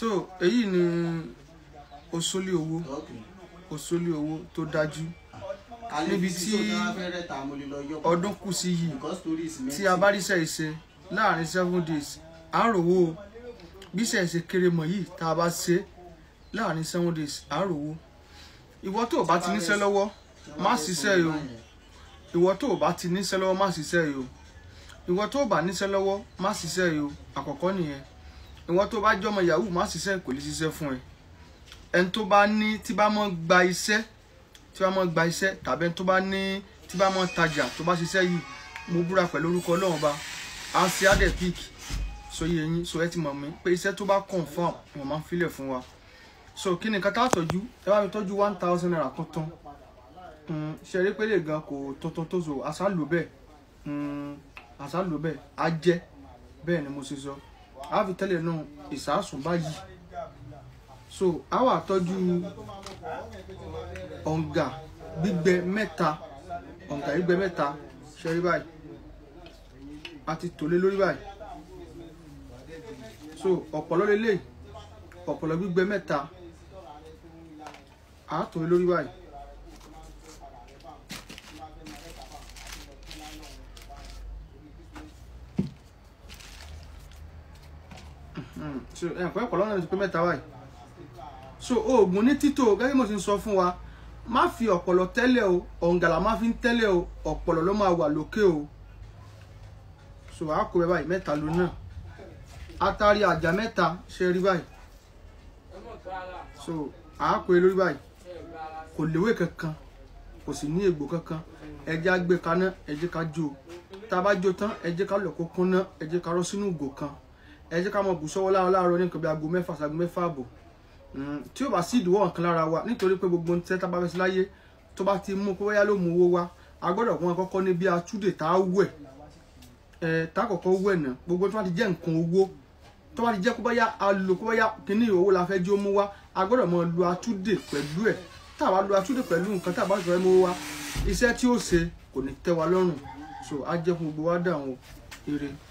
so èyí ni osólé owó osólé owó tó dájú níbi tí ọdún kù sí yìí tí a bá ríṣẹ́ ìṣe láàrin seven days à ń rówó bí iṣẹ́ ìṣe kéré mọ̀ yìí tá a bá ṣe láàrin seven days à ń rówó ìwọ tó o bá ti níṣẹ́ lọ́wọ́ má ṣiṣẹ́ yìí o ìwọ tó o bá ti níṣẹ́ lọ́wọ́ má ṣiṣẹ́ yìí o ìwọ tó o bá níṣẹ́ lọ́wọ́ má ṣiṣẹ́ yìí o àkọ́kọ́ nìyẹn ìwọ́n tó bá jọmọ yahoo má ṣiṣẹ́ kò lè ṣiṣẹ́ fún ẹ ẹni tó bá ní tí bá mọ́ gba iṣẹ́ tí bá mọ́ gba iṣẹ́ tàbí ẹni tó bá ní tí bá mọ́ tajà tó bá ṣiṣẹ́ yìí mo búra pẹ̀lú orúkọ ọlọ́run ba asiade pic so yẹ yín so ẹ ti mọ̀ mí pé iṣẹ́ tó bá confam wọ́n máa ń filẹ̀ fún wa so kí ni nǹkan tá a tọ́jú ẹ bá mi tọ́jú one thousand naira tuntun hmm, ṣe rí pé lè gan kò tuntun tó so àṣà lò bẹ́ẹ̀ àṣà hmm, lò bẹ́ẹ̀ á jẹ́ bẹ́ẹ̀ ni mo ṣe sọ. So a fi tẹ́lẹ̀ náà ìsásùn báyìí so a wà tọ́jú ọ̀ǹgà gbígbẹ mẹ́ta ọ̀ǹgà gbígbẹ mẹ́ta ṣẹ́rí báyìí a ti tòlé lórí báyìí so ọ̀pọ̀lọ́ lélẹ̀ ọ̀pọ̀lọ́ gbígbẹ mẹ́ta a tòlé lórí báyìí Mm. so eh, ẹ̀kọ́ ẹ̀kọ́ lọ́nà ti pé mẹ́ta báyìí so oògùn ní títò gẹ́gẹ́ mo ti ń sọ fún wa má fi ọ̀pọ̀lọ tẹ́lẹ̀ o ọ̀ǹgàlà má fi ń tẹ́lẹ̀ o ọ̀pọ̀lọ ló máa wà lókè o so a kó bẹ báyìí mẹ́ta ló náà atari àjà mẹ́ta ṣe rí báyìí so àá kó e lórí báyìí kò léwé kankan kò sì ní egbò kankan ẹ jẹ́ á gbé ká jó tá a bá jó tán ẹ ká lọ kó kúnná ẹ ká rọ́ sínú ìgò kan ẹ jẹ́ ká mọ bù sọ́wọ́ láàárọ̀ láàárọ̀ ní nǹkan bí aago mẹ́fà sí aago mẹ́fà àbọ̀ mm, tí ó bá sí ìdíwọ́ nǹkan lára wa nítorí pé gbogbo ohun tẹ́tà bá fẹ́ sí láyé tó bá ti mú kóyá ló mú owó wa a gbọ́dọ̀ wọn kọ́kọ́ ní bí a túdè tá a wẹ̀ ẹ̀ tá a kọ́kọ́ wẹ̀ náà gbogbo tó bá ti jẹ́ nǹkan owó tó bá ti jẹ́ kó bá yá kíní owó la fẹ́ jó mú wa a gbọ́dọ̀ mọ lu atúdè pẹ̀lú ẹ̀ tá a bá lu atúdè pẹ̀lú nǹkan tá a bá sọ̀rọ̀ mú wa iṣẹ́ tí ó ṣe kò ní tẹ́ wa lọ́rùn so á jẹ́ fún gbogbo wa dà wọn ire.